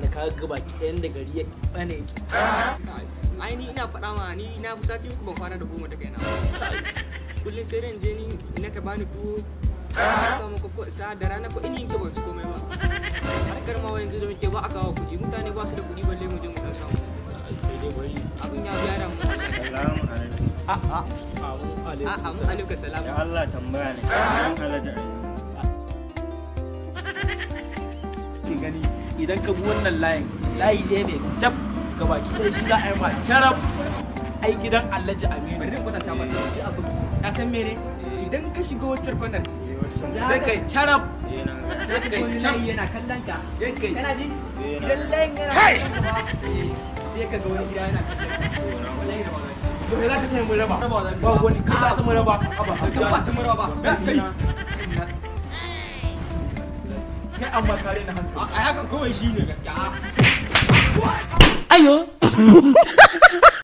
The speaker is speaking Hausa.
da ka ga baki ɗayan da gari ya bane ai ni ina faɗa ma ni na fi sati uku ban kwana da goma daga yana kullum sai ran je ni na ta bani tuwo samu ko sa da rana ko ini yanke ba su komai ba harkar ma yanzu da muke ba a kawo kuɗi mutane ba su da kuɗi balle mu je mu dan samu abin ya gyara mu salamu alaikum a'a ah, a'a ah, mu alaikum ah, Allah tambaya ne idan ka bi wannan layin layi ɗaya ne jab ga baki ɗaya shi za a yi ma carab ai gidan alhaji aminu bari na kwatanta mata eh. abu san mene eh. idan ka shiga wancan kwanar eh, sai kai carab kai can yana kallon ka kai ji idan layin yana kallon sai ka ga wani gida yana kallon ka to za ka ce raba ba wani kai amma kare na hankali a haka kawai shine gaskiya ayo